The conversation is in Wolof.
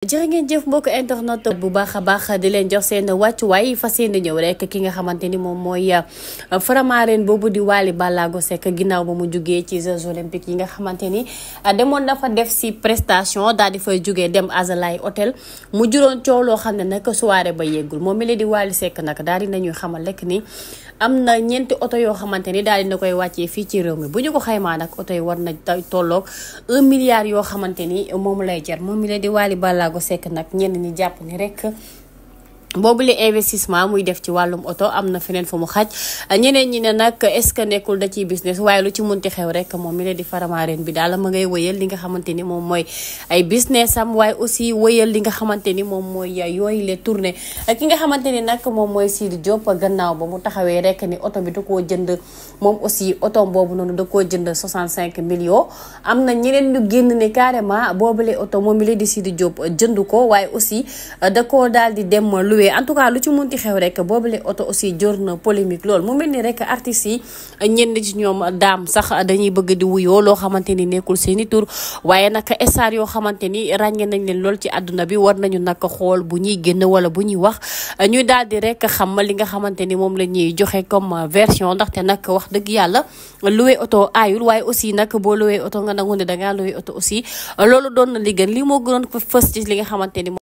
jërë ngeen jëf mbokk internet bu baax a baax di leen jox seen wàccuwaay fas yéene ñëw rek ki nga xamante ni moom mooy euh, faramareen boobu di Waly Ballago Seck ginnaaw ba mu jugee ci Jeux olympiques yi nga xamante ni euh, demoon dafa def si prestation daal di fay jugee dem Azalai hôtel mu juróon coow loo xam ne nag soirée ba yeggul moom mi la di Waly Seck nag daal di nañuy xamal rek ni am na ñeenti oto yoo xamante ni daal di na koy wàccee fii ci réew mi bu ñu ko xaymaa nag oto yi war na tolloog un milliard yoo xamante ni moom lay jar moom mi di Waly Ballago Ballago Seck nag ñenn ñi jàpp ni rek boobu le investissement muy def ci wàllum oto am na feneen fu mu xaj ñeneen ñi ne nag est-ce que nekkul da ciy business waaye lu ci munti xew rek moom mi la di faramaareen bi daal ma ngay wëyal moom mooy ay business am waaye aussi wëyal li nga xamante ni moom mooy yooyu les tournées ki nga xamante ni nag moom mooy Sidi Diop gannaaw ba mu taxawee rek ni oto bi da koo jënd moom aussi oto boobu noonu da koo jënd 65 millions am na ñeneen ñu génn ne carrément boobule oto moom mi la di Sidi Diop jënd ko waaye aussi da koo daal di dem lu ñëwee en tout cas lu ci munti xew rek boobule oto aussi jor na polémique lool mu mel ni rek artistes yi ñenn ci ñoom daam sax dañuy bëgg di wuyoo loo xamante ni nekkul seeni tur waaye nag star yoo xamante ni ràññee nañ leen lool ci àdduna bi war nañu nag xool bu ñuy génn wala bu ñuy wax ñu daal di rek xam li nga xamante ni moom la ñuy joxe comme version ndaxte nag wax dëgg yàlla loué oto aayul waaye aussi nag boo loué oto nga nangu ne da ngaa